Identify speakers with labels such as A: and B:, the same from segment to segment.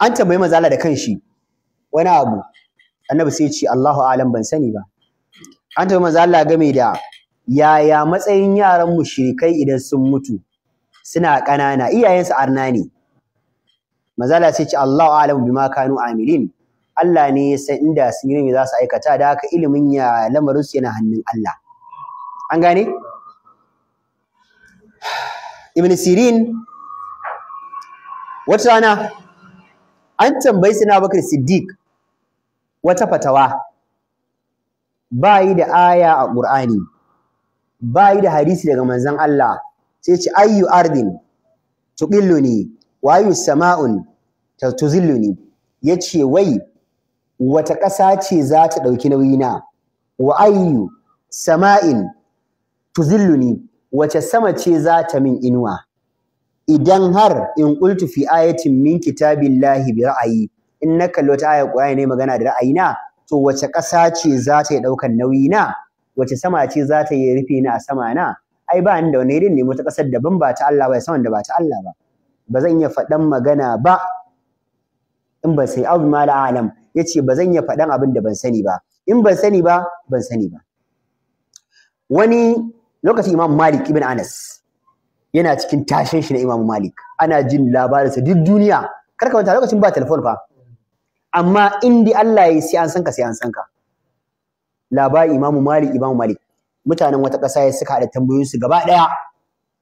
A: an tambayi mazala da kanshi wani abu annabi sai ce Allahu a'lam ban sani ba an tambayi mazala Allah game da yaya matsayin yaran mushrikai idan sun mutu suna ƙanana iyayensu arna ne mazala sai ce Allahu a'lamu bima kanu amilin Allah ne ya san inda sun yi za su aikata da haka ilimin ya lamarin su yana hannun Allah an gane Ibn Sirin wata rana an tambayi sina bakar siddiq wata fatawa ba yi da aya a ƙur'ani ba yi da hadisi daga manzon Allah sai ce ayyu ardin tuqilluni wa ayyu sama'un Ya yace wai wata ƙasa ce za ta ɗauki nauyina wa ayyu sama'in tuzilluni wace sama ce za ta min inuwa idan har in qultu fi ayatin min kitabillahi bi ra'ayi in na kalli wata ayar Qur'ani ne magana da ra'ayi na? to wace ƙasa ce za ta yi ɗaukar nauyi na wace sama ce za ta yi rufe ni a sama na ai ba ni da wani irin nemo ta ƙasar daban ba ta Allah ba saman da ba ta Allah ba ba zan iya faɗan magana ba in ban sai abu mala alam ya ba zan iya faɗan abin da ban sani ba in ban sani ba ban sani ba wani lokacin imam malik ibn anas yana cikin tashin shi na Imam Malik ana jin labarinsa duk duniya kar ka lokacin ba telefon fa amma indi Allah ya yi sai an ka sai an sanka labarin Imam Malik Imam Malik mutanen wata ƙasa ya suka haɗa tambayoyin su gaba ɗaya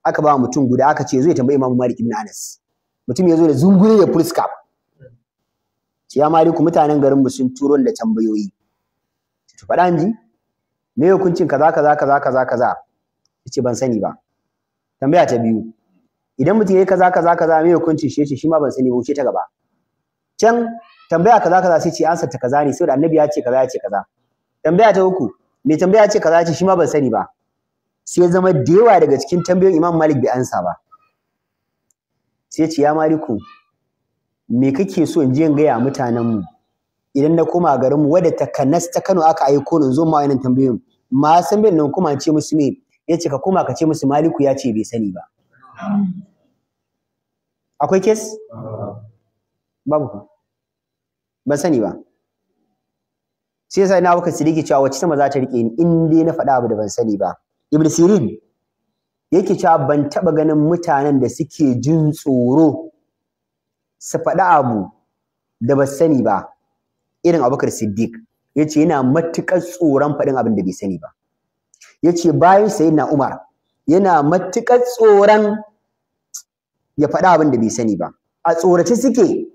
A: aka ba mutum guda aka ce zo ya tambayi Imam Malik ibn Anas mutum ya zo da zungure ya fuska ya Maliku mutanen garin mu sun turo da tambayoyi to faɗa ji me hukuncin kaza kaza kaza kaza kaza yace ban sani ba tambaya ta biyu idan mutum yayi kaza kaza kaza me hukuncin shi yace shi ma ban sani ba wuce ta gaba can tambaya kaza kaza sai ce ansar ta kaza ne saboda annabi ya ce kaza ya ce kaza tambaya ta uku me tambaya ce kaza ya ce shi ma ban sani ba sai zama da yawa daga cikin tambayoyin Imam Malik bai ansa ba sai ce ya Maliku me kake so in je in gaya mutanen mu idan na koma garin mu wadda ta kanas ta Kano aka aiko ni zo ma wannan tambayoyin ma san bin nan kuma ce musu me Yace ce ka koma ka ce musu maliku ya ce bai sani ba akwai kes babu ku ban sani ba sai yasa ina waka sidiki cewa wacce sama za ta rike ni in dai na faɗa abu da ban sani ba ibn sirin yake cewa ban taɓa ganin mutanen da suke jin tsoro su faɗa abu da ba sani ba irin abubakar siddiq yace yana matukar tsoron faɗin abin da bai sani ba ya ce bayan sayyidina Umar yana matuƙar tsoron ya faɗa abin da bai sani ba a tsorace suke